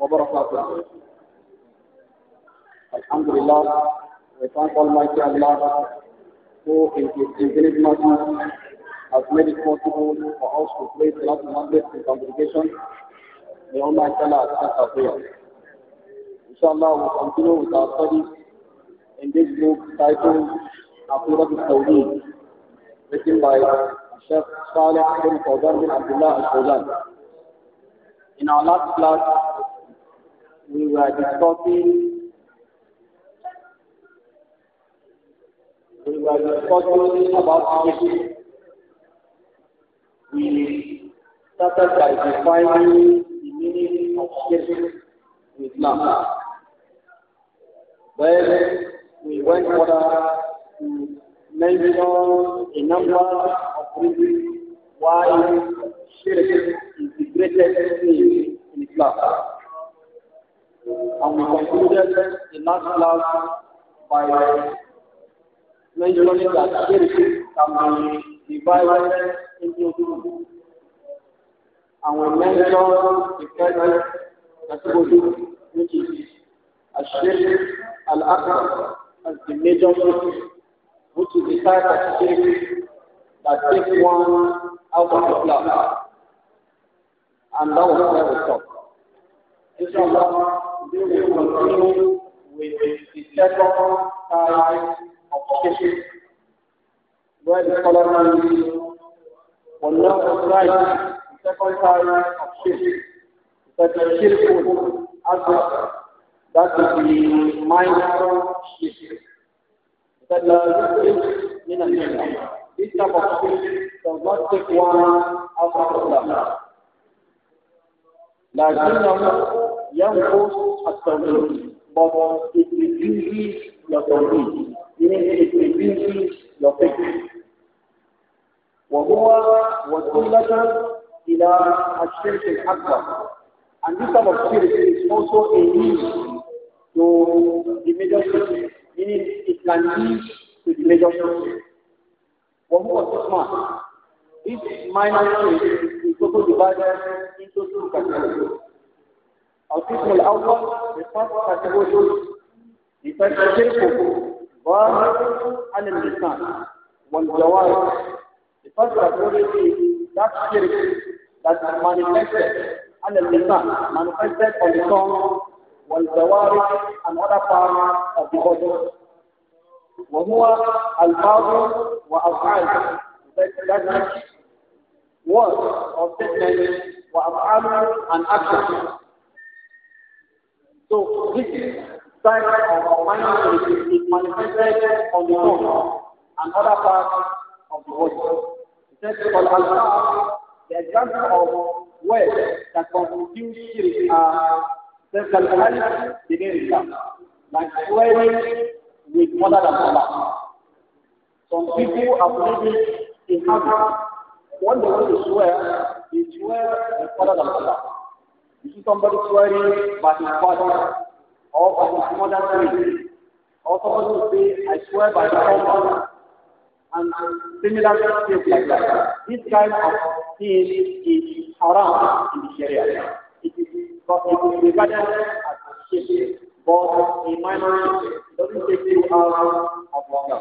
وبركاته الحمد لله we thank Almighty Allah who in His infinite mercy has made it possible for us to pray Salat Maghrib in congregation. May Almighty Allah accept our prayer. Inshallah, we'll continue with our study in this book titled Aqidat al-Tawheed, written by Sheikh Saleh bin Fawzan bin Abdullah al-Fawzan. In our last class, we were discussing we were discussing about sleep. We started by defining the meaning of sleep with love. Then we went further to mention a number of reasons why shirk is the greatest thing in Islam. and we concluded the last class by mentioning that charity can be divided into two. And we mentioned the present category, which is Ashir al akbar as the major charity, which is the type of charity that takes one out of the Islam. And that was where we stopped. Inshallah they will continue with the second type of fishing. Where the scholar will not right the second type of fishing. That the shipful That is the minor fishing. That the in a minute. This type of fishing does not take one out of the Islam. لكنه ينقص التوحيد بابا اتبيه للتوحيد من اتبيه للفكر وهو وسيلة إلى الشرك الأكبر and this type of spirit is also a means to the major spirit meaning it can lead to the major spirit وهو الإسماء this minor spirit is also divided into two categories القسم الأول بفرق الوجود لتشركه ظاهر على اللسان والجوارح بفرق الوجود تشرك that is manifested على اللسان manifested on the tongue والجوارح and other parts of the body وهو الفاظ وأفعال that is words or statements وأفعال and actions So this type of minor is manifested on the tongue and other parts of the world. It says for Al-Qur'an, the example of words that constitutes shirk are says Al-Qur'an, the name like swearing with mother than Allah. Some people are living in heaven. One day when they swear, Is swear with mother than Allah. This And similar things like that. This kind of sin is haram in Sharia. It is, regarded as a shirk, but a minor shirk. It doesn't take you out of longer.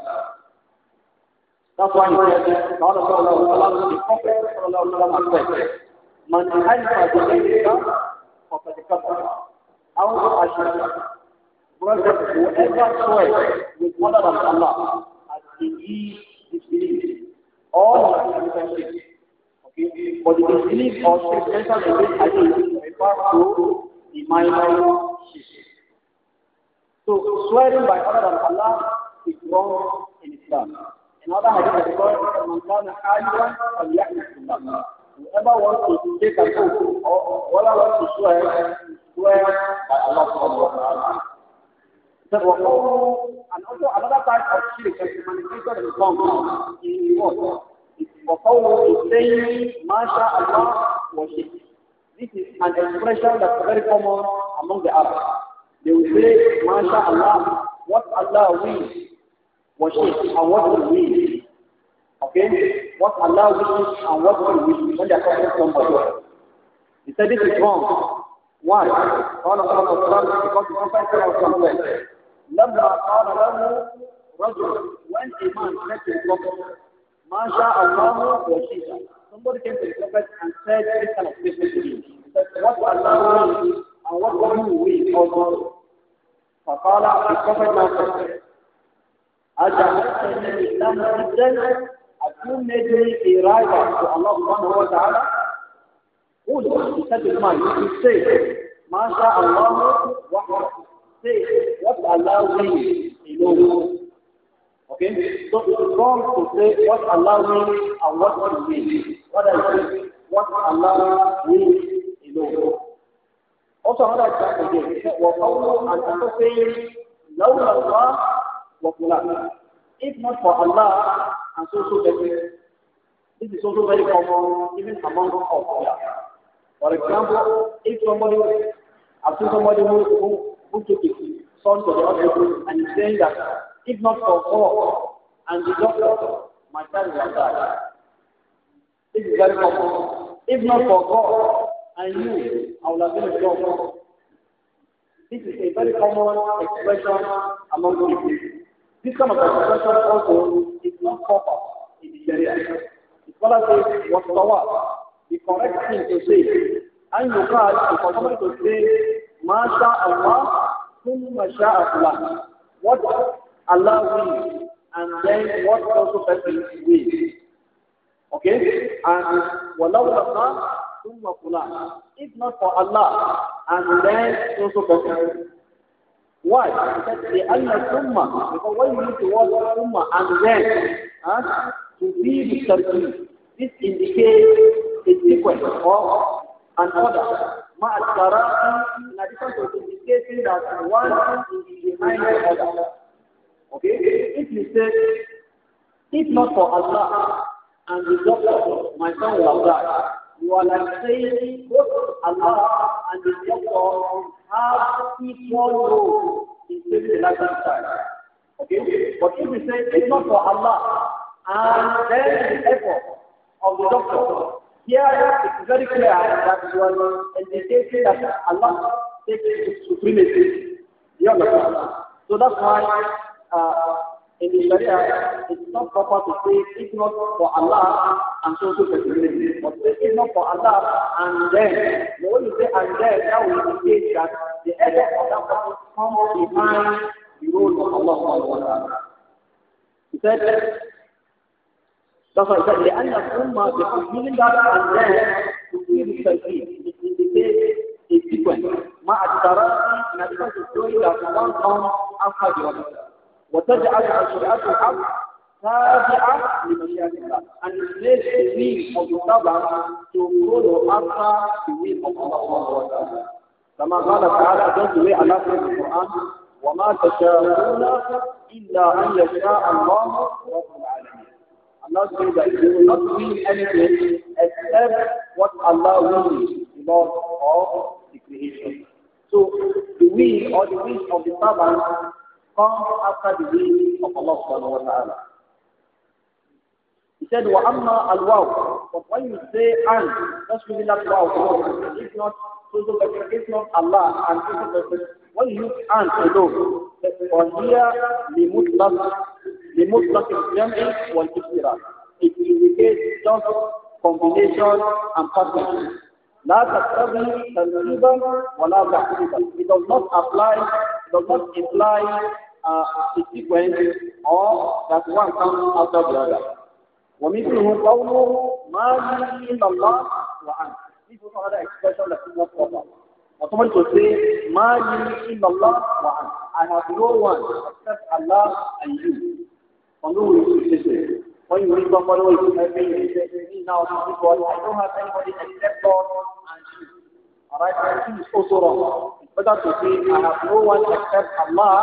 That's why he said, God of Allah, the Prophet, Allah, Allah, Allah, Allah, àwọn tó àṣẹ brother whoever swear with one of Allah as he is disbelieved all are different things okay but the disbelief or spiritual belief I think refer to the minor so swearing by other than Allah is wrong in Islam another hadith is called man kana aliyan falyakun billah Whoever wants to take a book or whoever wants to swear, swear by Allah subhanahu wa ta'ala. And also another type of shirk that is manifested in Islam now is what? وقوله saying "Masha Allah, worship." This is an expression that's very common among the Arabs. They will say, Masha Allah, what Allah will, worship, and what will will. Okay? what allows you and what He wishes when they are from to somebody. He said this is wrong. Why? قال صلى الله عليه because the Prophet said was somewhere. لما قال له رجل when a man said to the Prophet ما شاء الله وشيء somebody came to the Prophet and said this kind of thing. to him. what allows you and what you wish also. فقال the Prophet now said أجعلتني لم أدرك who made a rival to Allah subhanahu wa ta'ala, who said to man, you say, Masha Allah wa Say, what Allah will alone. Okay? So it is to say what Allah and what will What I say, what Allah will alone. Also another example again, وقوله and also saying, لولا الله وفلان. If not for Allah, and so so This is also very common even among us. For example, if somebody, I've seen somebody who, who, who took his son to the hospital and is saying that if not for God and the doctor, my child will die. died. This is very common. If not for God and you, I will have been a job. This is a very common expression among people. This kind of expression also is not proper in the Sharia. The scholar says, what's the The correct thing to say, and you can't, for somebody to say, Masha Allah, Summa Sha'a Allah. What Allah will, and then what also person will. Okay? And walau Allah, Summa Fulan. If not for Allah, and then also person Why? Because the Allah Summa, because when you need to watch Summa and then huh, to be the Tarqib, this indicates a sequence or an order. Ma'askarati, in addition to indicating that one is behind the other. Okay? If you say, if not for Allah and the doctor, my son will die. You are like saying both Allah and the doctor have equal role in the life of Okay? But if we say it's not for Allah, and then the effort of the doctor, here it's very clear that you are indicating that Allah takes its supremacy. You understand? So that's why uh, in the Sharia, it's not proper to say if not for Allah and so so flexibility. But say if not for Allah and then, the way you say and then, that will indicate that the effort of that person comes behind the role of Allah subhanahu wa ta'ala. He said, that's why he said, لأن الأمة بتقبيل that and then to تقبيل التوحيد. It indicates a sequence. ما أترى in addition to showing that one comes after the other. وتجعل شريعة الحق تابعة لمشيئة الله and it makes the will of the servant to follow after the will of Allah SWT كما قال تعالى جل وعلا على في القرآن وما تشاءون إلا أن يشاء الله رب العالمين Allah says that you will not win anything except what Allah wills, the Lord of the creation. So the will or the wish of the servant comes after the will of Allah subhanahu wa ta'ala. He said, Wa وَأَمَّا الْوَوْ But when you say and, that's really not wow. It's not, it's not Allah and it's When you use and alone, for here, the the لِمُطْلَقِ لِمُطْلَقِ الْجَمْعِ وَالْإِفْتِرَاءِ It indicates just combination and partnership. لا تقتضي تنصيبا ولا تحريبا. It does not apply, it does not imply uh, is different or that one comes after the other. ومثله قوله ما لي إلا الله وأنت. This is another expression that is not proper. But someone to say, ما لي إلا الله وأنت. I have no one except Allah and you. From who is this? When you read somebody who is helping you, me now, I don't have anybody except God and you. Alright, I think it's also wrong. It's better to say, I have no one except Allah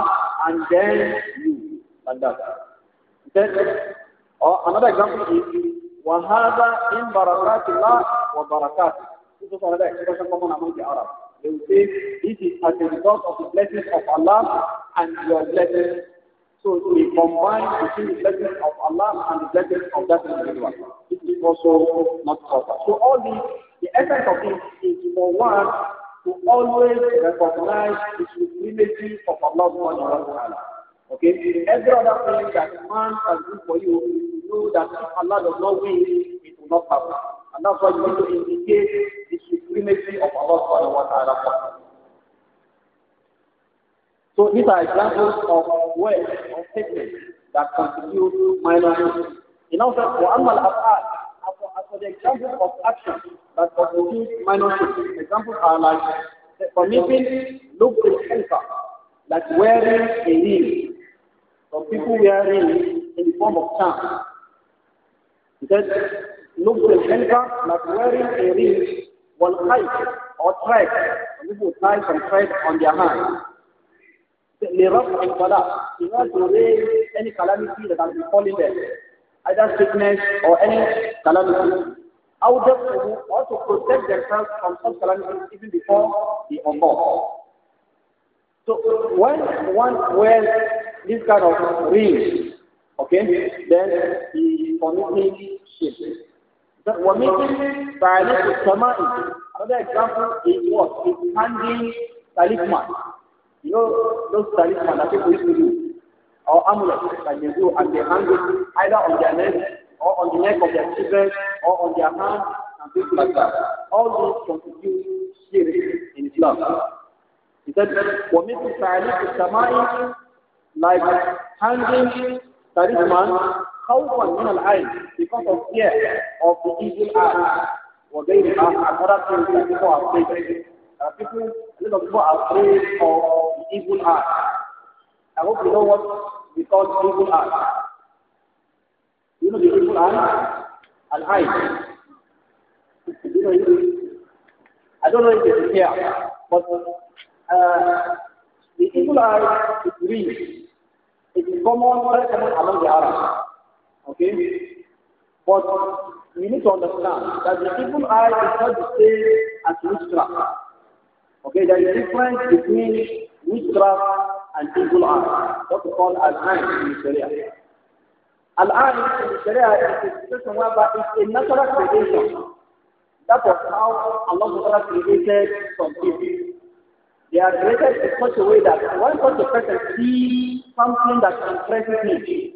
and then you, like that. Then, or uh, another example is, وَهَذَا in بَرَكَاتِ wa barakat." This is another expression common among the Arabs. They will say, this is as a result of the blessings of Allah and your blessings. So we combine between the blessings of Allah and the blessings of that individual. This is also not proper. So all these, the essence of this is for one, to always recognize the supremacy of Allah subhanahu wa ta'ala. Okay? Every other thing that man can do for you, you know that if Allah does not win, it will not happen. And that's why you need to indicate the supremacy of Allah subhanahu wa ta'ala. So these are examples of words or statements that constitute minor. In other words, وَأَمَّا الْأَفْعَالِ as for, the example of action that constitute minor examples are like permitting look to halfa like wearing a ring. Some people wearing in the form of charm. He says, look to halfa like wearing a ring, wal or thread. Some people tie some thread on their hand. لرفع البلاء, in order to raise any calamity that has falling them either sickness or any calamity. Awdafuhu or to protect themselves from such calamities even before the unborn. So when one wears this kind of ring, okay, then he is committing sin. That وَمِنْ تَعْلِقُ السَّمَاءِ Another example is what? Is handing talisman. You know those talisman that people used to do. or amulets that they do and they hang it either on their neck or on the neck of their children or on their hands and things like that. All these constitute shirk in Islam. He said, وَمِثْلُ to السَّمَاءِ like hanging talisman خوفا من العين because of fear of the evil eye وغيرها and other things that people are afraid. Uh, people, a lot of people are afraid of the evil eye. I hope you know what we call evil eye. You know the evil eye? An eye. You know, I don't know if it is here, but uh, the evil eye is green. It is common, very common among the Arabs. Okay? But you need to understand that the evil eye is not the same as witchcraft. Okay, there is a difference between witchcraft and people are what we call al-ayn in Sharia. Al-ayn in Sharia is a situation whereby it's a natural creation. That was how Allah created some people. They are created in such a way that one such a person sees something that impresses him.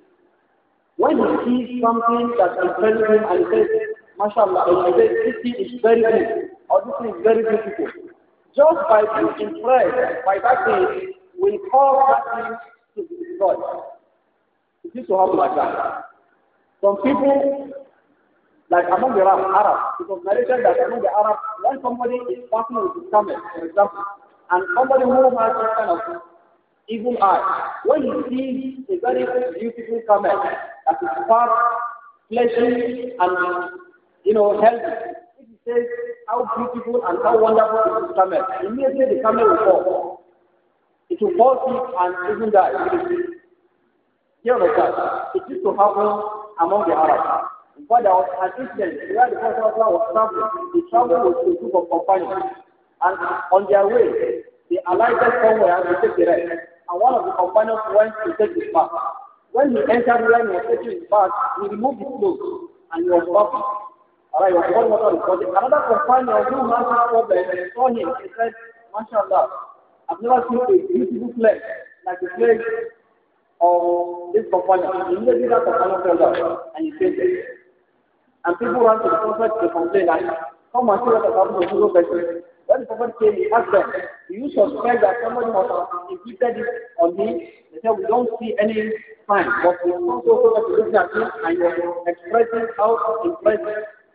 When he sees something that impresses him and says, "MashaAllah, this thing is very good, or this thing is very beautiful. Just by being impressed by that thing, will cause that thing to be destroyed. It used to happen like that. Some people, like among the Arabs, because was narrated that among the Arabs, when somebody is passing with the camel, for example, and somebody who has that kind of evil eye, when he sees a very beautiful camel that is fat, fleshy, and you know healthy, he says how beautiful and how wonderful is this camel, immediately the camel will fall. It will cause it and even die. Here of that, it used to happen among the Arabs. But fact, there was an incident where the Prophet was traveling. He traveled with a group of companions. And on their way, they alighted somewhere to take a rest. And one of the companions went to take his bath. When he entered where he was taking his bath, he removed his clothes and he was bathing. Alright, he was pouring water on his body. Another companion who had a problem saw him. He said, MashaAllah, I've never seen a beautiful flag like the flag of this company. You never know that company fell down and you saved this. And people ran to the prophet to complain that come and see what has happened to Google person. When the prophet came, he asked them, do you suspect that somebody must have inflicted it on me?" They said, we don't see any sign. But we also saw that you looking at him and you are expressing how impressed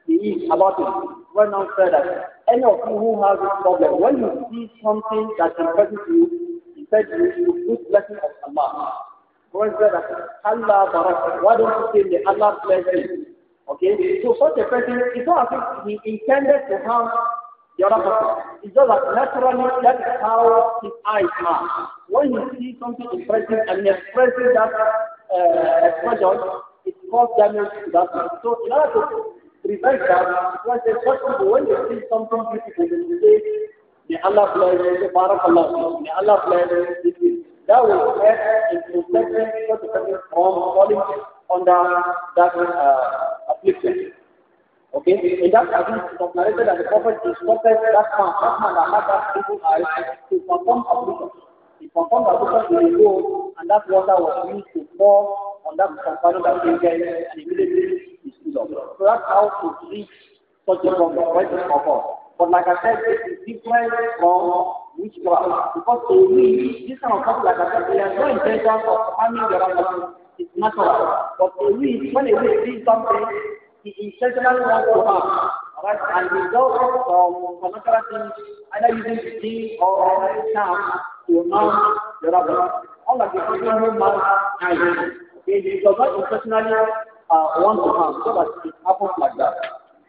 he is about it. Right now, said that any of you who has this problem, when you see something that impresses you, he said you should put blessing of Allah. Whereas that Allah barak, why don't you say the Allah bless you? Okay? So such a person, it's not as if he intended to harm the other person. It's just that naturally that's how his eyes are. When you see something impressive and he expresses that uh, expression, it causes damage to that person. So in order to we revise that because there's first people, when they see something beautiful, they say, May Allah bless you, Barakallah, May Allah bless you. That will help in protecting such a person from falling under that uh, affliction. Okay, in that hadith, it was narrated that the Prophet instructed that man, that man that had that evil eye to perform ablution. He performed ablution in a bowl, and that water was used to pour on that companion that came there, and immediately is freedom. So that's how to treat such a problem when But like I said, this different from witchcraft. Because to me, this kind of stuff, like I said, there is no intention of harming the other person. It's natural. But to me, when a witch sees something, he intentionally wants to harm. Right? And he does some supernatural things, either using the key or a charm to harm the other person. All of the people who mark and okay, he does not intentionally uh, one to harm so that it happens like that.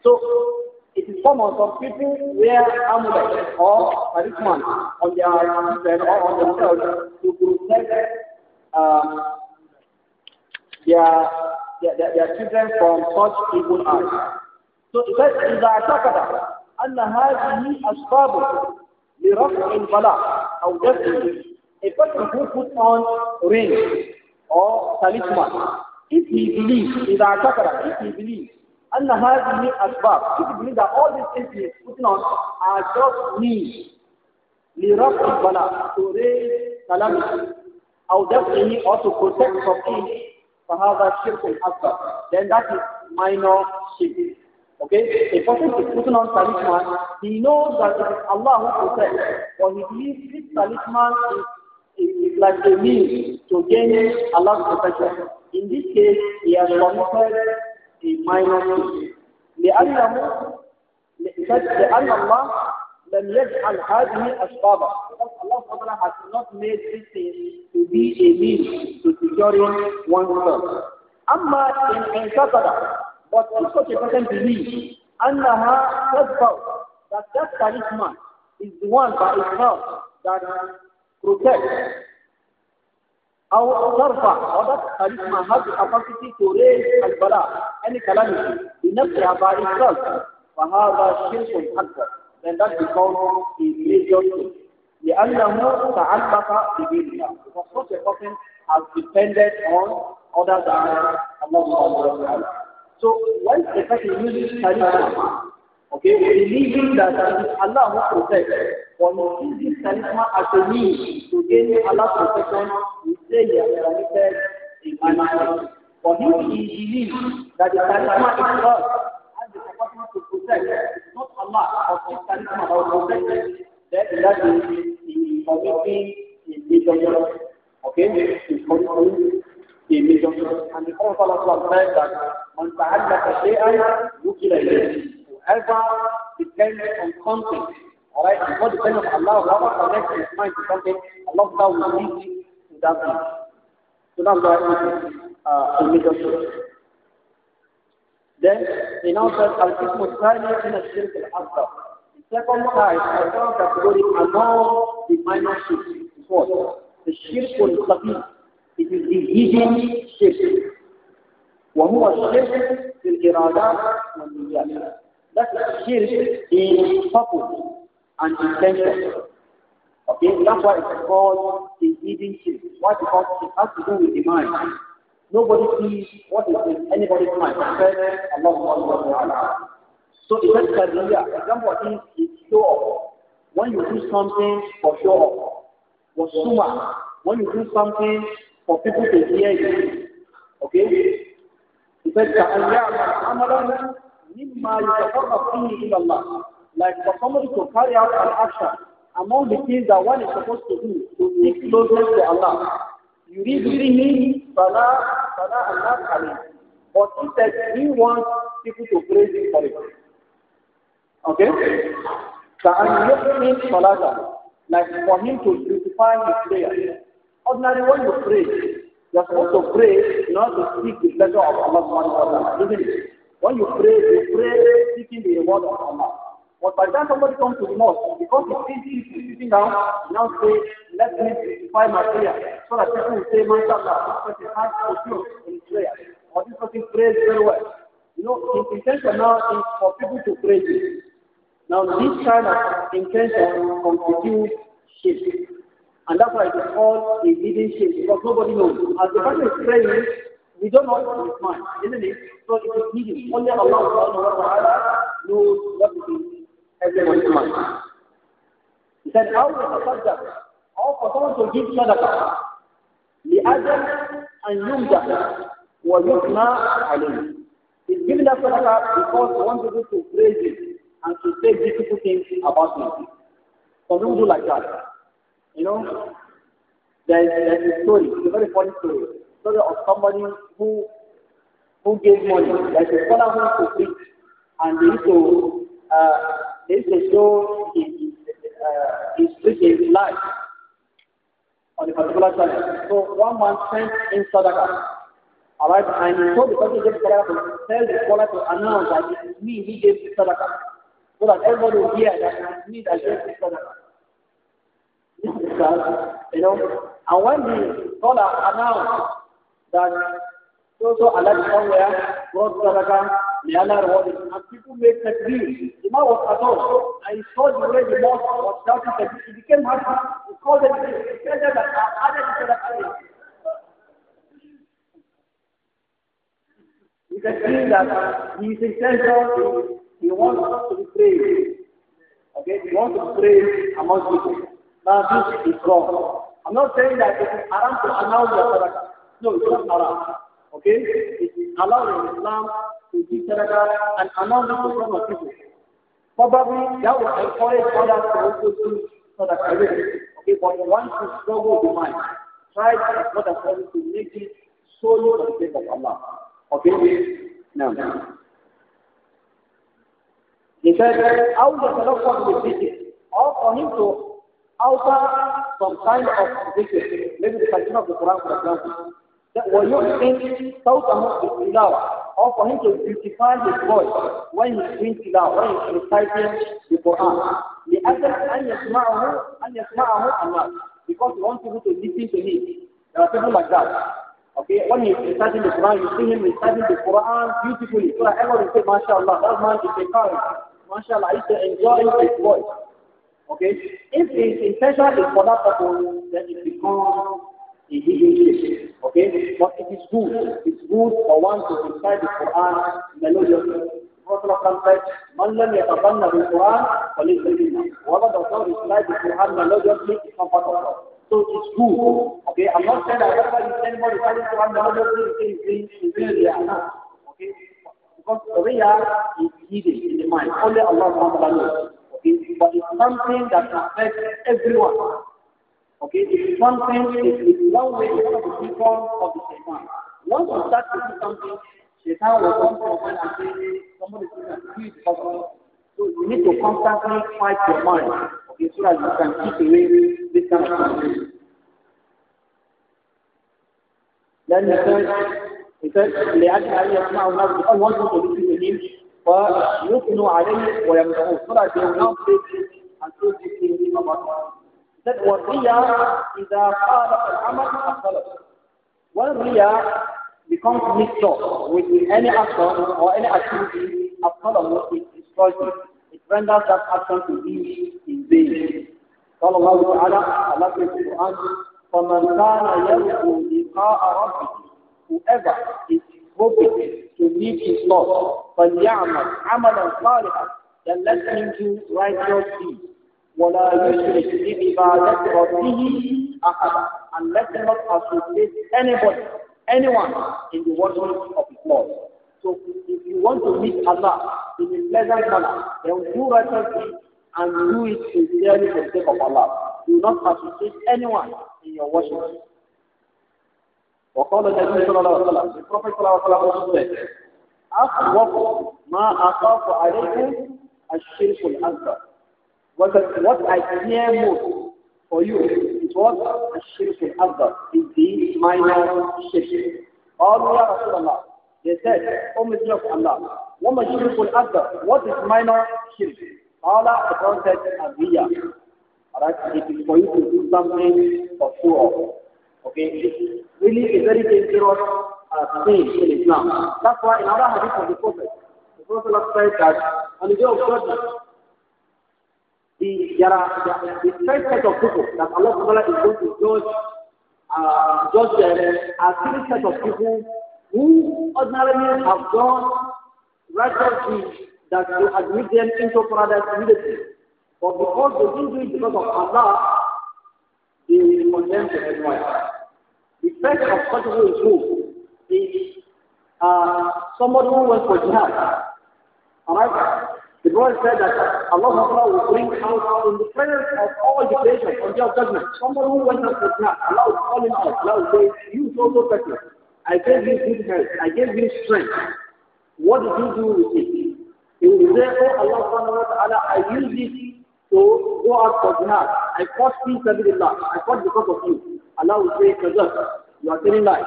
So it is common for people wear amulet or talisman on their head or on themselves to protect um, their, their, their, children from such evil eyes. So it says, إذا اعتقد أن هذه أسباب the البلاء أو دفعه A person who puts on ring or talisman if he believes, our chakra, if he believes, أن هذه أسباب, if he believes that all these things he is putting on are just me, لرفع البلاء, to raise calamity, أو دفعه or to protect from it, and شرك أكبر. Then that is minor shirk. Okay? A person is putting on talisman, he knows that it is Allah who protects, but he believes this talisman is, is like a means to gain Allah's protection. In this case, he has committed a minor sin. لأنه لأن الله لم يجعل هذه أسبابا. Allah Ta'ala has not made this thing to be a means to securing oneself. أما إن انتقد but if such a person believes أنها تدفع that that charisma is the one by itself that protects أو ترفع وضع كاريزما has the capacity to raise البلاء any calamity بنفسها by itself فهذا شرك أكبر then that becomes a major sin لأنه تعلق بدين الله because such a person has depended on other than Allah subhanahu So when a person uses charisma, okay, believing that Allah will protect On uses this talisman as a means to gain Allah's protection. We say he has granted a manner. For him, he believes that the talisman is God and the capacity to protect. It's not Allah, but this talisman that will protect Then in that way, he is committing a major Okay? He is committing a major And the Prophet said that man ta'allaka shay'an wukila ilayhi. Whoever depends Alright, it's not on Allah. Allah connects his mind to something. Allah will lead you to that uh, thing. So now go ahead with Then, He our says, al-qismu thani min al-shirk al-azhar. The second time, the second category among the minor shirk is what? The shirk al-khabir. It is the hidden shirk. وهو الشرك في الإرادات والنيات. That's the shirk in purpose and intention. Okay, that's why it's called the hidden sin. Why? Because it has to do with the mind. Nobody sees what is in anybody's mind except Allah subhanahu wa ta'ala. So it has career. Example is show off. When you do something for show off. For summa. When you do something for people to hear you. Okay? It says, كَأَنْ يَعْمَلْ عَمَلًا مِمَّا يَتَقَرَّبْ فِيهِ إِلَى like for somebody to carry out an action among the things that one is supposed to do to seek closeness to Allah. You read really Salah, Salah Allah Kalim. But he said he wants people to praise him for it. Okay? Ka'an yuqmin salata. Like for him to beautify his prayer. Ordinarily when you pray, you're supposed to pray not to seek the pleasure of Allah subhanahu wa isn't it? When you pray, you pray seeking the reward of Allah. But by the time somebody comes to the mosque, because he easy sitting down, now say, let me simplify my prayer, so that people will say, my MashaAllah, this person has fulfilled in prayer, or this person prays very well. You know, the intention now is for people to praise Now, this kind of intention constitutes shape, And that's why it is called a hidden shape because nobody knows. As the person is praying, we don't know what is his mind, isn't it? So it is hidden. Only Allah knows what is every Muslim. He said, How to تصدق? How for someone to give The sadaqah? لأجل أن يمدح ويثنى عليه. He's giving that sadaqah because he wants people to praise him and to say beautiful things about him. Some people do like that. You know, there is, there is a story, a very funny story. Story of somebody who who gave money. There's a scholar who to preach and they need to uh, this is though he uh, is his life on a particular challenge. So one man sent in Sadaqah. Alright, and he told the person gave Sadaqah to tell the caller to announce that it is me, he gave the So that everybody will hear that it is me that gave the Sadaqah. you know, and when the caller announced that so so Allah somewhere brought Sadaqah the other one is And people made takbir. Imam what alone. And I saw the way the mosque was shouting takbir. He became happy. He called them. He said that Allah is the Allah. You can see that he is essential. He wants to be praised. Okay, he wants to be praised amongst people. Now this is wrong. I'm not saying that it is haram to announce your sadaqah. No, it's not haram. Okay? It is allowed in Islam he and an to from a people. Probably that will encourage others to also do sadaqah. Okay, but once you struggle with mind, try as much as to make it solely for the sake of Allah. Okay? Now, he said, I will tadakkur with this, or for him to offer some kind of dhikr, maybe the of the Quran, for example, that وَيُحْسِنْ صَوْتَهُ بِالْإِلَاوَةِ or for him to beautify his voice when he's doing tilawah, when he's reciting the Quran. The essence أن يسمعه أن يسمعه because he wants people to listen to him. There are people like that. Okay, when he's reciting the Quran, you see him reciting the Quran beautifully. So that everyone will say, MashaAllah, that man is a current. MashaAllah, he's enjoying his voice. Okay, if his intention is for that purpose, then it becomes in English. Okay? But it is good. It's good for one to recite the Quran melodiously. Prophet said, Man lam yatabanna bil Quran, falaysa minna. Whoever does not recite the Quran melodiously is not part of God. So it's good. Okay? I'm not saying that whatever you send for reciting Quran melodiously is in India. Okay? Because Riya is hidden in the mind. Only Allah knows. Okay? But it's something that affects everyone. Okay, one thing is one way one of the people of the Shaitan. Once you start to do something, Shaitan will come to your mind and say, somebody is going to do it So you need to constantly fight your mind, okay, so that you can keep away this kind of thing. Then he said, he said, لأجل أن يسمع الناس بأن وجهه تبكي إليه فيثنوا عليه do." So that they will not say and say these things about that riya إذا خالف العمل أصله. When riya becomes mixed up with any action or any activity, أصله it destroys it. It renders that action to be in vain. قال الله تعالى على في القرآن فمن كان يرجو لقاء ربه whoever is hoping to meet his Lord فليعمل عملا صالحا then let him do righteous deeds ولا يشرك بعبادة ربه أحد and let him not associate anybody, anyone in the worship of his Lord. So if you want to meet Allah in a pleasant manner, then do righteous things and do it sincerely for the sake of Allah. Do not associate anyone in your worship. وقال النبي صلى الله عليه وسلم the Prophet صلى الله عليه وسلم said أخوف ما أخاف عليكم الشرك الأكبر what what I care most for you is what the shirk al is the minor shirk. Allah ya Rasulullah. They said, O Messenger of Allah, what what is shirk al What is minor shirk? Allah, the Prophet Abiyah. Alright, it is for you to do something for sure. Okay, it's really a very dangerous uh, thing in Islam. That's why in other hadith of the Prophet, the Prophet said that on the day of judgment, the, there are, the, first set of people that Allah Ta'ala is going to judge, uh, judge them as three set of people who ordinarily have done righteous deeds that will admit them into paradise immediately. But because they didn't do it because of Allah, they will condemn them anyway. The first of such people is who? Is uh, somebody who went for jihad. Alright? The Quran said that Allah will bring out in the presence of all the creation on Day Judgment. Someone who went up to snap, Allah will call him out. Allah will say, You so so person. I gave you good health. I gave you strength. What did you do with it? He will say, Oh Allah I used it to go out for jihad. I fought peace with Allah. I fought because of you. Allah will say, Kazak, you are telling lies.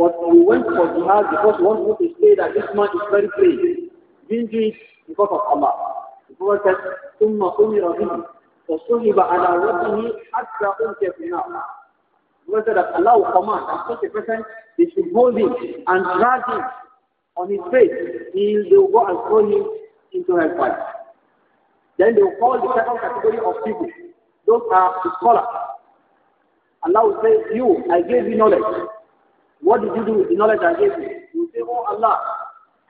But we went for jihad because one who to say that this man is very brave. Doing because of Allah. The Prophet said, ثُمَّ صُمِرَ بِهِ فَصُحِبَ عَلَى وَجْهِهِ حَتَّى أُلْقِيَ فِي النَّارِ The Prophet said that Allah will command that such a person, they should hold him and drag him on his face He will go and throw him into hellfire. Then they will call the second category of people. Those are the scholars. Allah will say, you, I gave you knowledge. What did you do with the knowledge I gave you? You say, oh Allah,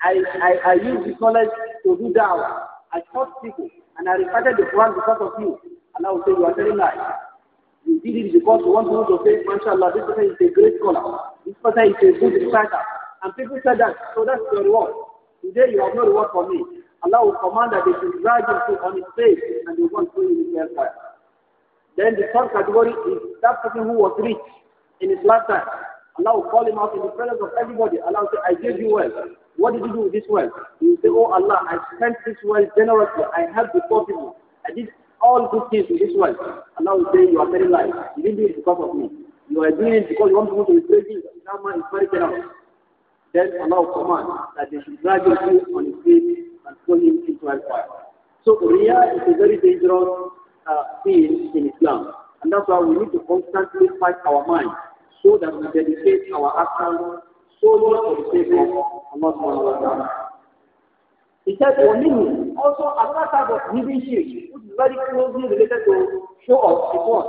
I, I, I used the college to do dawah. I taught people and I recited the Quran because of you. And I will say, you are telling lies. You did it because you want to know to say, MashaAllah, this person is a great scholar. This person is a good reciter. And people said that, so that's your reward. Today you have no reward for me. Allah will command that they should drag him to on his face and they won't throw in the hellfire. Then the third category is that person who was rich in his lifetime. Allah will call him out in the presence of everybody. Allah will say, I gave you wealth. What did you do with this wealth? He will say, Oh Allah, I spent this wealth generously. I helped the poor people. I did all good things with this wealth. Allah will say, You are very light. You didn't do it because of me. You are doing it because you want people to be praising that man is very generous. Then Allah will command that they should drag him on his feet and throw him into hellfire. So Riya is a very dangerous uh, thing in Islam. And that's why we need to constantly fight our mind so that we dedicate our actions solely for the sake of Allah subhanahu wa ta'ala. He says, only Also, another type of giving shirk, which is very closely related to show of support.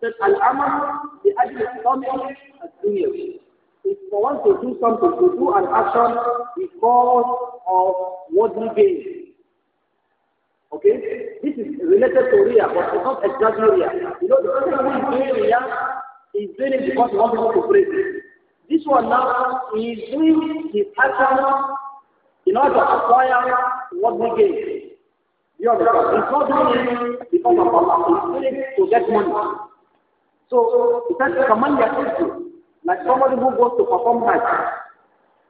That al aman, the of is as-dunya. If for one to do something, to do an action because of worldly gain. Okay? This is related to Ria, but it's not exactly Ria. You know, the person who is doing Riyah is doing it because he wants people to praise This one now is doing his action in order to acquire what we gain. You understand? He's not doing it because of Allah. He's doing it to get money. So he has command your issue. Like somebody who goes to perform that,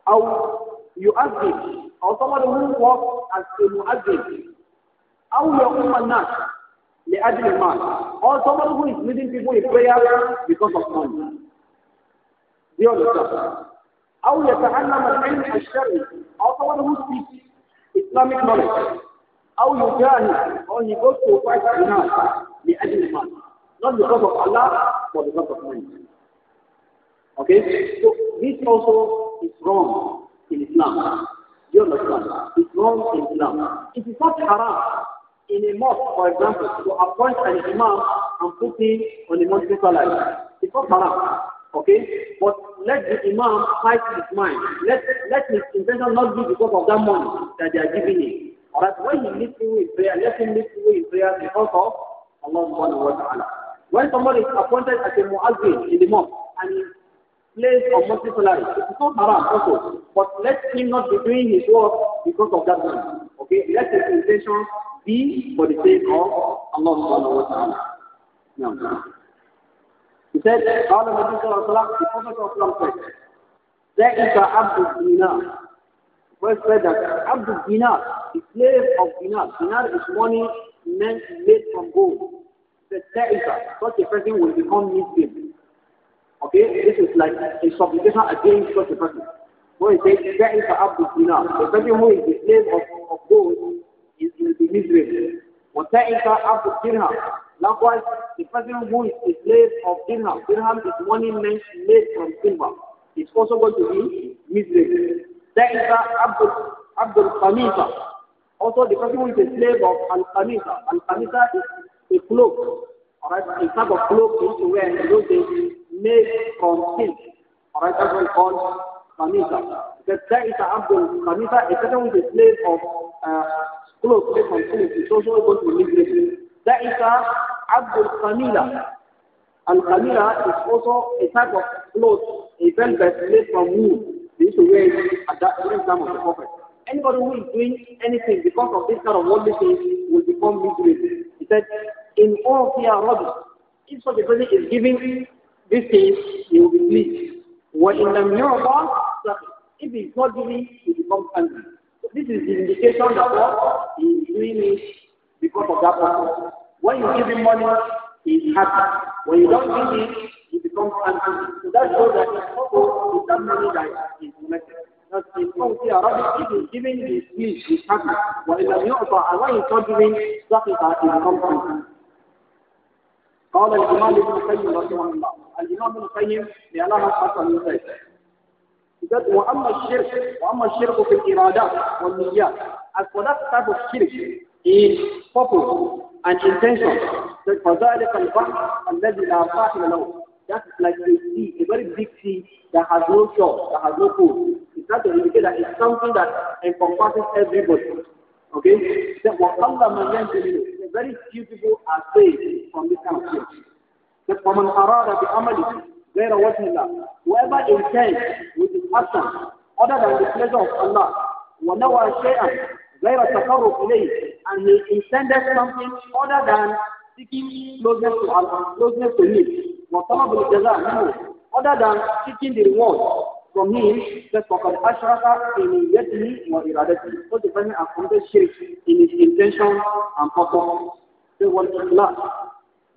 or you ask it, or somebody who works as a muazzin, how your ummah not لأجل Man, or somebody who is leading people in prayer because of money. Do you understand? أو يتعلم العلم الشرعي or you who speaks Islamic knowledge أو يجاهد or he to fight jihad لأجل المال not because of Allah but because of money. Okay? So this also is wrong in Islam. Do you understand? It's wrong in Islam. It is not haram in a mosque, for example, to appoint an imam and put him on a monthly salary. It's not haram. Okay? But let the imam fight his mind. Let, let his intention not be because of that money that they are giving him. Alright, when he leads you in prayer, let him lead you in prayer because of Allah subhanahu wa ta'ala. When somebody is appointed as a muazzin in the mosque and he plays on monthly salary, it's not haram also. But let him not be doing his work because of that money. Okay? Let his intention be for the sake of Allah subhanahu wa ta'ala. Now, he said, قال النبي صلى الله عليه وسلم, the Prophet of Allah said, First said that Abdul Dinar, the slave of Dinar, Dinar is money meant made from gold. there is a such a person will become Muslim. Okay, this is like a supplication against such a person. So he says, Ta'ika Abdul Dinar, the person who is the slave of, of gold is, will be miserable. وَسَعِكَ عَبْدُ dirham. Likewise, the person who is a slave of dirham, dirham is one money made from silver, It's also going to be miserable. سَعِكَ عَبْدُ Abdul Khamisa. Also, the person who is a slave of Al Khamisa. Al Khamisa is a cloak, alright, a type of cloak used to wear in those days made from silk. Alright, that's what called Khamisa. Because that is Abdul Khamisa, a person who is a slave of uh, clothes made from silk is also going to liberate. That is a uh, Abdul Kamila. And Kamila is also a type of cloth, a velvet made from wool. They used to wear it at that during time of the Prophet. Anybody who is doing anything because of this kind of worldly thing will become miserable. He said, in all fear rubbish. If such a person is giving these things, he will be pleased. What in the mirror, if he is not giving, he becomes angry this is the indication that God is doing it because of that person. When you give him money, he is happy. When you don't give him, he becomes angry. So that shows that his purpose is that money that is collected. That is not the Arabic, if giving his speech, he's happy. But in the new and when he's not giving, that is that he becomes angry. قال الإمام ابن القيم رحمه الله الإمام ابن القيم لأنه حسن يسير that وأما الشرك وأما الشرك في الإرادات والنيات as for that type of shirk in purpose and intention That for فذلك البحر الذي لا ساحل له that is like a sea a very big sea that has no shore that has no pool it's that to indicate that it's something that encompasses everybody okay that what then وقل من ينزل very suitable as are from this kind of shirk that for فمن أراد بعمله غير وجه الله whoever intends with his action other than the pleasure of Allah ونوى شيئا غير التقرب إليه and he intended something other than seeking closeness to Allah closeness to him وطلب الجزاء منه other than seeking the reward from him that فقد أشرك في نيته or so the person accomplished shirk in his intention and purpose so والإخلاص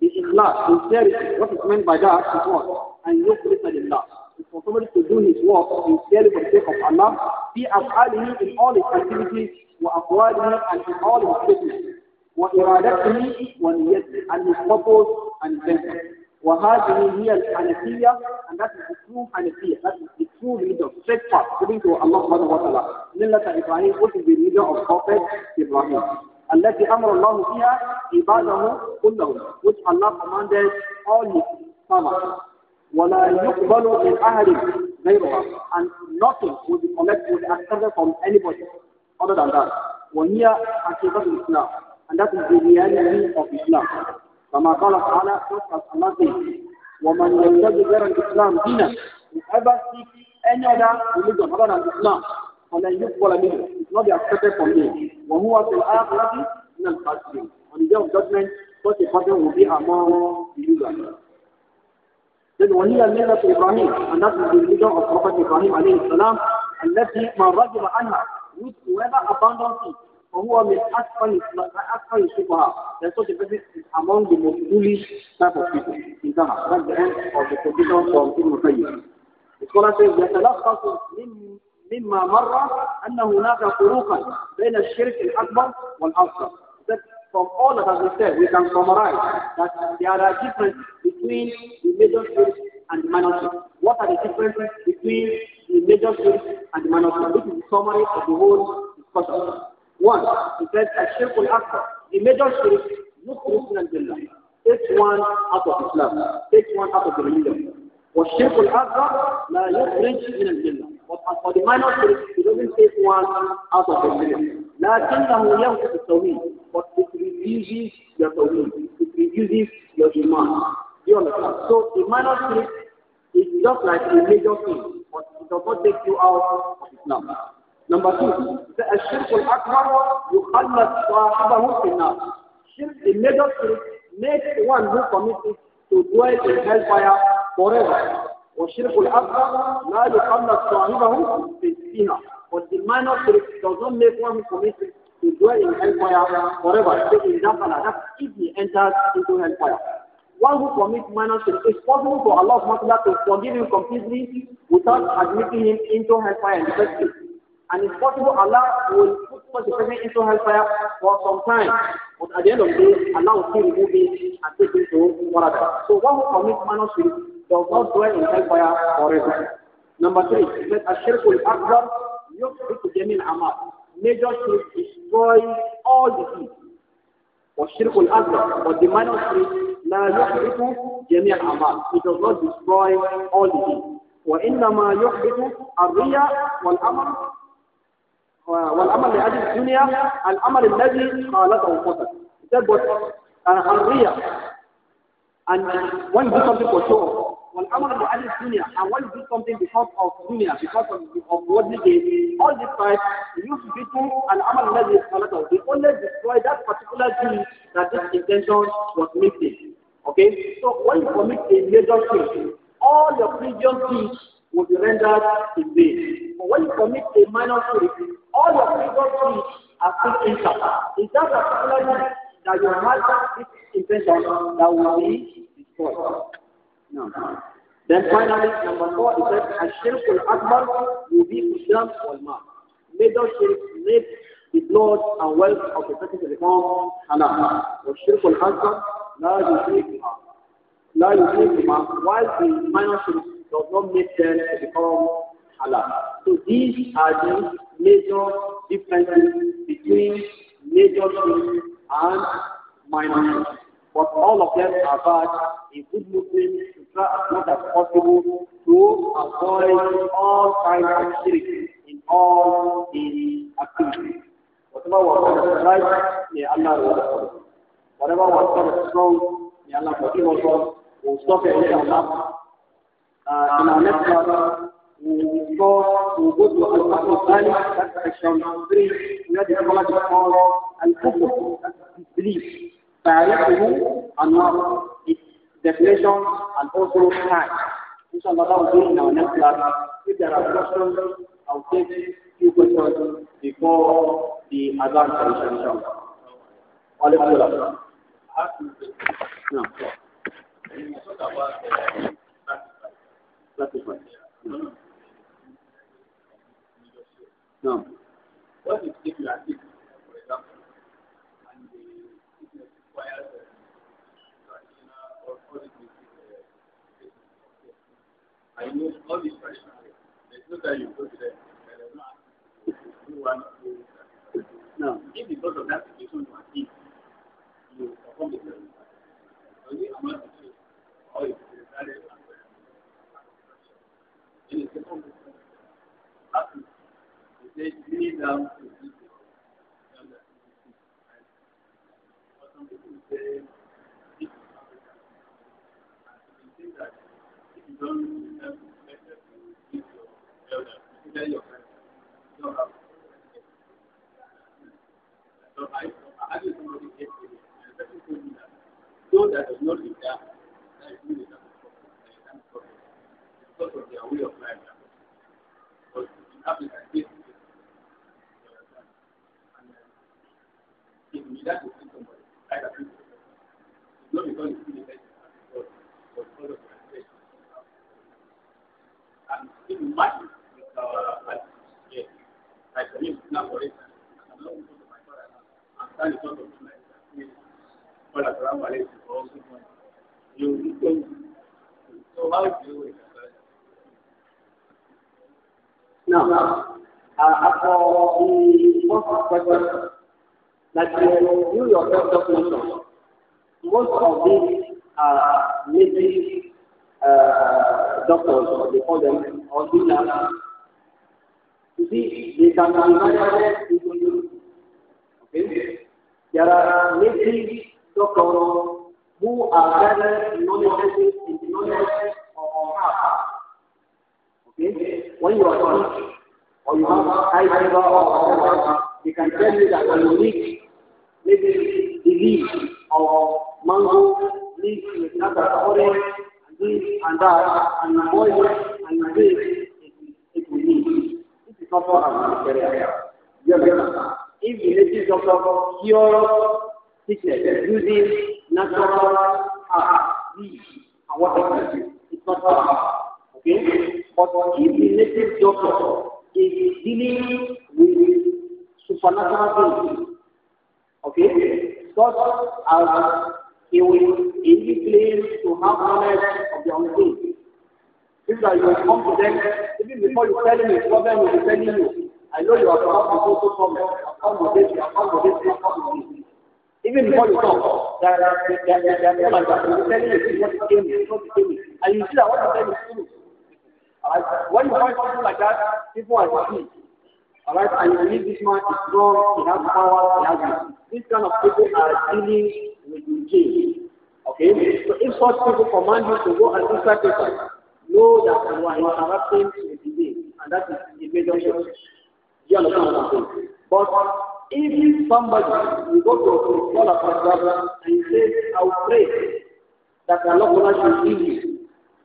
the ikhlas, sincerity, what is meant by that is what? And you listen in love. It's for somebody to do his work sincerely for the sake of Allah, be as af'alihi in all his activities, wa afwalihi and in all his statements, wa iradatihi wa niyatihi, and his purpose and intent, intention. وهذه هي الحنفية and that is the true Hanafiya, that is the true religion, straight path, according to Allah subhanahu wa ta'ala. Millata Ibrahim, what is the religion of Prophet Ibrahim? التي أمر الله فيها عباده كلهم which Allah commanded all his servants ولا يقبل من احد غيرها and nothing will be collected will be accepted from anybody other than that وهي حقيقة الإسلام and that is the reality of Islam كما قال تعالى just as Allah says ومن يرتد غير الإسلام دينا whoever seeks any other religion other than Islam and then you follow me. will not be accepted from him وهو في الآخرة من الخاسرين on the day of judgment such a person will be among the losers then وهي ملة إبراهيم and that is the religion of Prophet Ibrahim عليه السلام التي من رجل عنها which whoever abandons it فهو من أسفل أسفل الشبهات then such a person is among the most foolish type of people Ghana, that's the end of the quotation from Ibn Qayyim the scholar says يتلخص من مما مر أن هناك فروقا بين الشرك الأكبر والأصغر. That from all that has been said, we can summarize that there are differences between the major shirk and the minor shirk. What are the differences between the major shirk and the minor shirk? This is the summary of the whole discussion. One, he shirk will الأكبر. The major shirk, and Jinnah. Takes one out of Islam. Takes one out of the religion. والشرك الأكبر لا يخرج من الجنة. But for the minor case, he doesn't take one out of the million. لكنه ينقص التوحيد but it reduces your tawhid, it reduces your demand. You understand? So the minor case is just like a major thing, but it does not take you out of Islam. Number two, the shirk al akbar yukhallat sahibahu finnar. Shirk, the major case. makes one who commits it to dwell in hellfire forever. والشرك الأكبر لا يخلص صاحبه في فيها but the minor shirk does not make one who commits it to dwell in hellfire forever stay in if he enters into hellfire one who commits minor shirk it's possible for Allah subhanahu to forgive him completely without admitting him into hellfire in the first place and it's possible Allah will put the person into hellfire for some time. But at the end of the day, Allah will still remove him and take him to paradise. So one who commits minor shirk does not dwell in hellfire forever. Number three, let said, Ashirku al-Akbar yukbitu jamil amal. Major sin destroy all the for والشرك الأكبر but the minor sin لا يحبط جميع الأعمال it does not destroy all the deeds وإنما يحبط الرياء والأمر والأمر لأجل الدنيا الأمر الذي خالطه القتل that but uh, الرياء and when you do something for show والأمر بأهل Junior, and when you do something because of Junior, because of, of worldly gain, all these five, يثبت الأمر الذي صلته. They only destroy that particular thing that this intention was missing. Okay? So when you commit a major sin, all your previous things will be rendered in vain. But when you commit a minor sin, all your previous things are still intact. Is that particular thing that you had this intention that will be destroyed? Then finally, number four, it says, will be يبيح for والمال. Major shirk makes the blood and wealth of the person to become halal. والشرك الأكبر لا يشرك La لا يشرك بها. While the minor shirk does not make them to become halal. So these are the major differences between major shirk and minor shirk. But all of them are bad a good Muslim should try as much as possible to avoid all kinds of shirk in all his activities. Whatever was done right, may Allah reward us. Whatever was done wrong, may Allah forgive us We'll stop here, Uh, in our next class, we'll discuss, we'll go to al that's section 3, where the Quran is called Al-Kufr, that's disbelief. تعرفه النار definitions, and also time. Inshallah, that will be in our next class. If there are questions, I'll take few questions before the Azan session, inshallah. All of you. Uh, no. that does not Uh, about you. the uh, most of these are uh, doctors, they call them, or healers. You see, they can be divided into you. Okay? There are native doctors who are very knowledgeable in knowledge Okay? When you are sick or you have high fever or whatever, they can tell you that when you eat maybe the leaf of mango, leaf with another orange, and this and that, and oil and this, it, it will need. This is not what I'm going to tell you. You If the native doctor cures sickness using natural uh, leaves, and what they can do. it's not Okay? But if the native doctor is dealing with supernatural things, okay, such as he will he claims to have knowledge of the unseen. If that you will come to them, even before you tell me, a problem, he will be telling you, I know you are about to go to problem, I've come with this, I've come with this, I've come with this. Even before you come, there are people like that, they will tell you what what and you see that what you said is true. Alright? When you find something like that, people are deceived. Alright? And you believe this man is strong, he has power, he has These kind of people are dealing with the king. Okay? So if such people command you to go and do sacrifice, know that you are interacting with the day. And that is the major issue. You understand what I'm saying? But if somebody you go to a scholar for and he says, I'll pray that Allah will not give you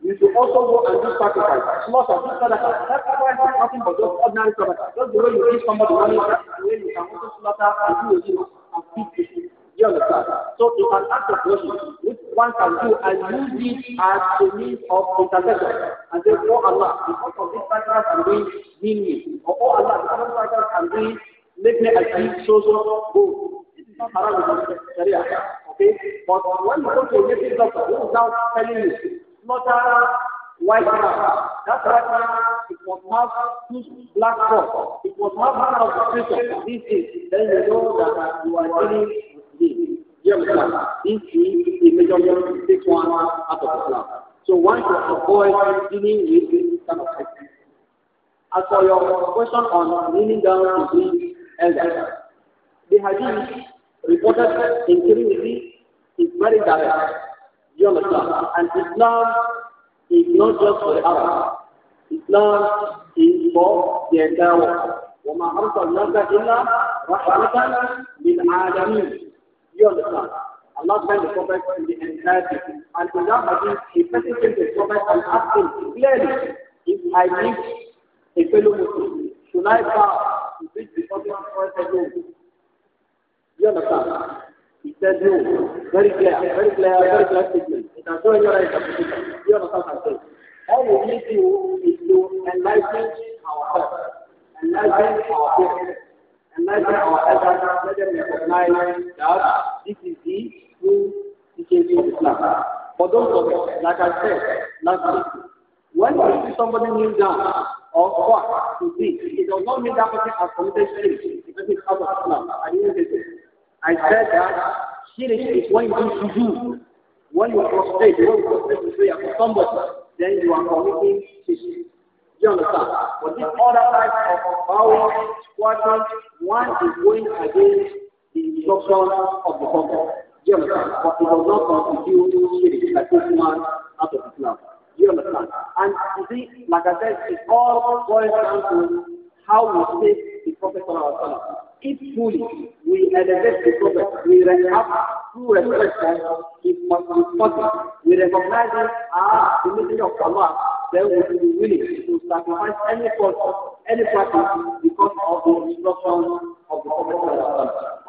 you should also go and do sacrifice. Small sacrifice, sacrifice is nothing but just ordinary sacrifice. Just the way you give somebody money, that's the way you can also slaughter and do a deal and feed people. You understand? So it's an act of worship which one can do and use it as a means of intercession. And say, oh Allah, because of this sacrifice I'm doing, heal me. Or oh Allah, because of this sacrifice I'm doing, make me achieve so so good. This is not haram in Sharia. Okay? But when you go to a native doctor, who is now telling you, not a white man. That white it was not two black folk. It was not one of the Christians. This is, then you know that you are dealing with this. Yes, this is the major six one out of the Islam. So one you avoid dealing with this kind of thing. As for your question on kneeling down to the elder, the hadith reported in Tirmidhi is very direct. You understand? And Islam is not just for the Arabs. Islam is for the entire world. وما أرسلناك إلا رحمة للعالمين. You understand? Allah sent the Prophet to the entirety. And in that hadith, he the Prophet and asked him clearly, if I meet a fellow Muslim, should I bow to which the Prophet said You understand? He said no. Very clear, very clear, very clear statement. It has no error interpretation. You understand what I'm saying? All we need to is to enlighten ourselves, enlighten our parents, enlighten our elders, let them recognize that this is the true teaching of Islam. For those of us, like I said last week, when we see somebody kneel down or squat to see, it does not mean that person has committed sin because is out of Islam. I mean say this. I said that shirk is when you do sujood, when you prostrate, when you prostrate in prayer for somebody, then you are committing Do You understand? But this other type of bowing, squatting, one is going against the instruction of the Prophet. You understand? But it does not constitute shirk, like this man out of Islam. You understand? And you see, like I said, it all boils down to how we take the Prophet if truly we elevate the Prophet, we have true respect that it must be possible. We recognize him as ah, the messenger of Allah, then we should be willing to sacrifice any cost, any party because of the instructions of the Prophet.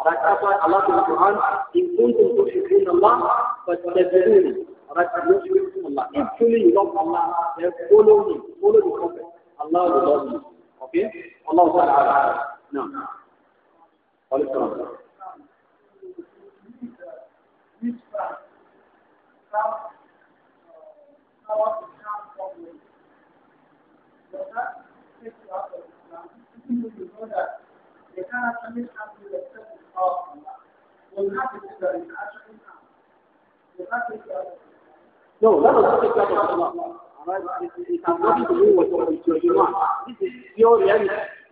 Alright, that's why Allah in the Quran, in kuntum tushrikun Allah, fattabi'uni. Alright, yushrikun Allah. If truly you love Allah, then follow me, follow the Prophet. Allah will love you. Okay? Allah will love you. No. No, that was not the problem. you This is reality.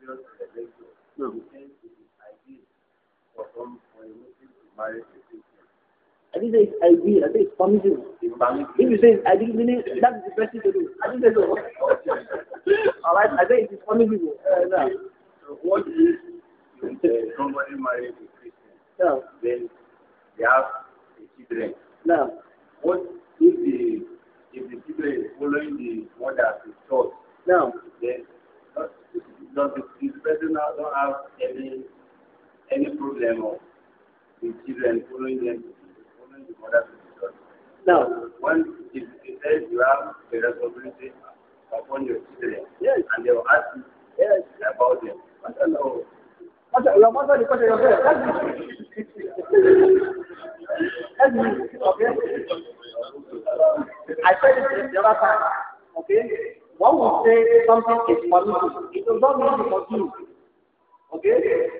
period of no. depends if it's ideal for some for to marry a Christian. I think not it's ideal, I think it's permissible. If you say it's ideal, meaning that's the best thing to do. I think not say so. Alright, I think it's permissible. Uh, no. So what if uh, somebody marries a Christian? No. Then they have the children. No. What if the if the children is following the one that is taught? No. Then because the, the person now don't have any any problem of the children following them following the mother to the church. Now, when it, it says you have the responsibility upon your children, yes. and they will ask you yes. about them. I Okay. I said it the other time. Okay. One will say something is permissible. It does not mean it you. Okay?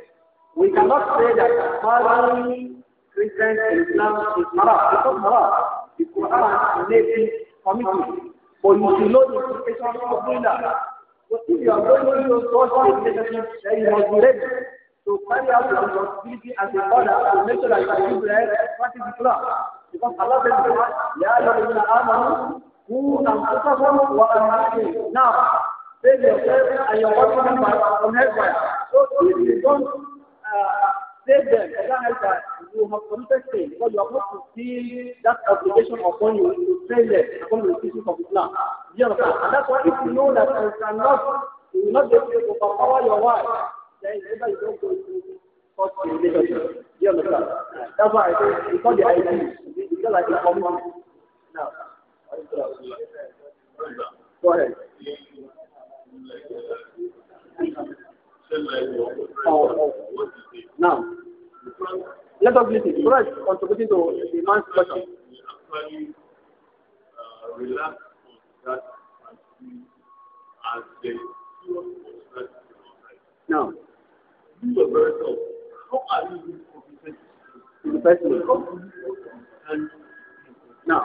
We cannot say that following Christian Islam is haram. It's not haram. The Quran makes it permissible. But you should know the implications of doing that. So if you are going to such a relationship, then you must be ready to carry out your responsibility as a father to make sure that you are Israel practice Islam. Because Allah says, Ya Ayyuhal Amanu, أنفسهم وأهلهم نار and your watchman from hellfire. So if you don't save them you have committed sin because you are not fulfilling that obligation upon you to save them upon the teaching of Islam. You that's why if you know that you cannot, you will not be able your wife, then either you don't go into such a relationship. You That's why it's not the idea. It's just like a common now. Go ahead. Oh. Now, let us listen. Surah contributing to the man's question. Now, you Now,